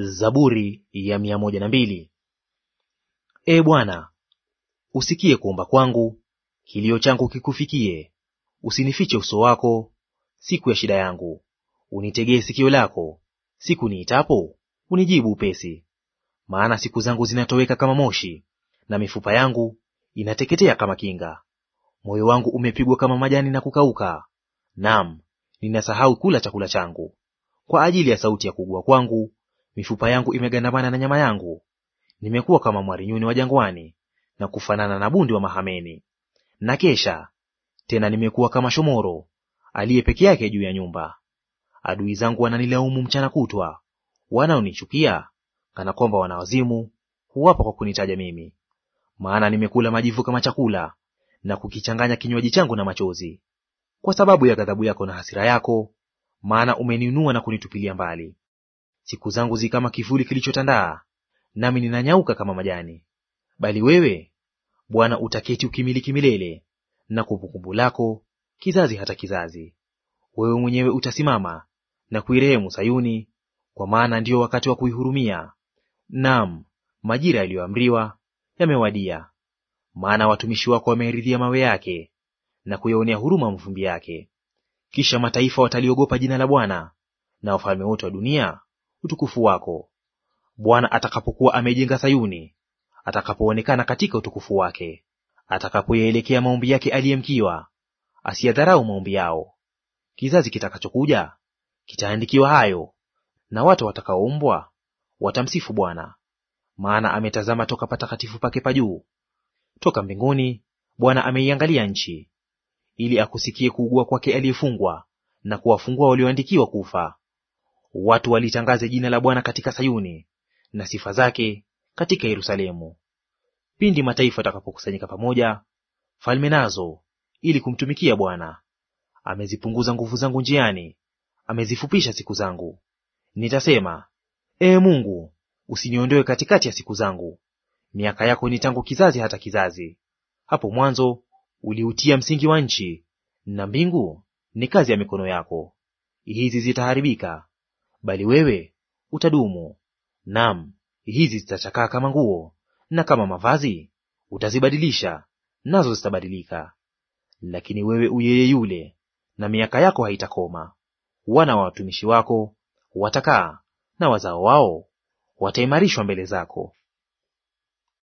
Zaburi ya mia moja na mbili. E Bwana, usikie kuomba kwangu, kilio changu kikufikie. Usinifiche uso wako siku ya shida yangu, unitegee sikio lako siku niitapo, unijibu upesi. Maana siku zangu zinatoweka kama moshi, na mifupa yangu inateketea kama kinga. Moyo wangu umepigwa kama majani na kukauka, nam ninasahau kula chakula changu kwa ajili ya sauti ya kugua kwangu mifupa yangu imegandamana na nyama yangu. Nimekuwa kama mwarinyuni wa jangwani, na kufanana na bundi wa mahameni. Na kesha tena, nimekuwa kama shomoro aliye peke yake juu ya nyumba. Adui zangu wananilaumu mchana kutwa, wanaonichukia kana kwamba wanawazimu huwapa kwa kunitaja mimi. Maana nimekula majivu kama chakula, na kukichanganya kinywaji changu na machozi, kwa sababu ya ghadhabu yako na hasira yako, maana umeninua na kunitupilia mbali. Siku zangu zi kama kivuli kilichotandaa, nami ninanyauka kama majani. Bali wewe Bwana utaketi ukimiliki milele, na kumbukumbu lako kizazi hata kizazi. Wewe mwenyewe utasimama na kuirehemu Sayuni, kwa maana ndiyo wakati wa kuihurumia. Naam, majira yaliyoamriwa yamewadia. Maana watumishi wako wameridhia mawe yake, na kuyaonea huruma mvumbi yake. Kisha mataifa wataliogopa jina la Bwana, na wafalme wote wa dunia utukufu wako. Bwana atakapokuwa amejenga Sayuni, atakapoonekana katika utukufu wake, atakapoyaelekea maombi yake aliyemkiwa, asiyadharau maombi yao. Kizazi kitakachokuja kitaandikiwa hayo, na watu watakaoumbwa watamsifu Bwana, maana ametazama toka patakatifu pake pa juu, toka mbinguni Bwana ameiangalia nchi, ili akusikie kuugua kwake aliyefungwa na kuwafungua walioandikiwa kufa. Watu walitangaze jina la Bwana katika Sayuni, na sifa zake katika Yerusalemu. Pindi mataifa atakapokusanyika pamoja, falme nazo, ili kumtumikia Bwana. Amezipunguza nguvu zangu njiani, amezifupisha siku zangu. Nitasema, Ee Mungu, usiniondoe katikati ya siku zangu. Miaka yako ni tangu kizazi hata kizazi. Hapo mwanzo uliutia msingi wa nchi, na mbingu ni kazi ya mikono yako. Hizi zitaharibika bali wewe utadumu. Naam, hizi zitachakaa kama nguo, na kama mavazi utazibadilisha, nazo zitabadilika. Lakini wewe uyeye yule, na miaka yako haitakoma. Wana wa watumishi wako watakaa, na wazao wao wataimarishwa mbele zako.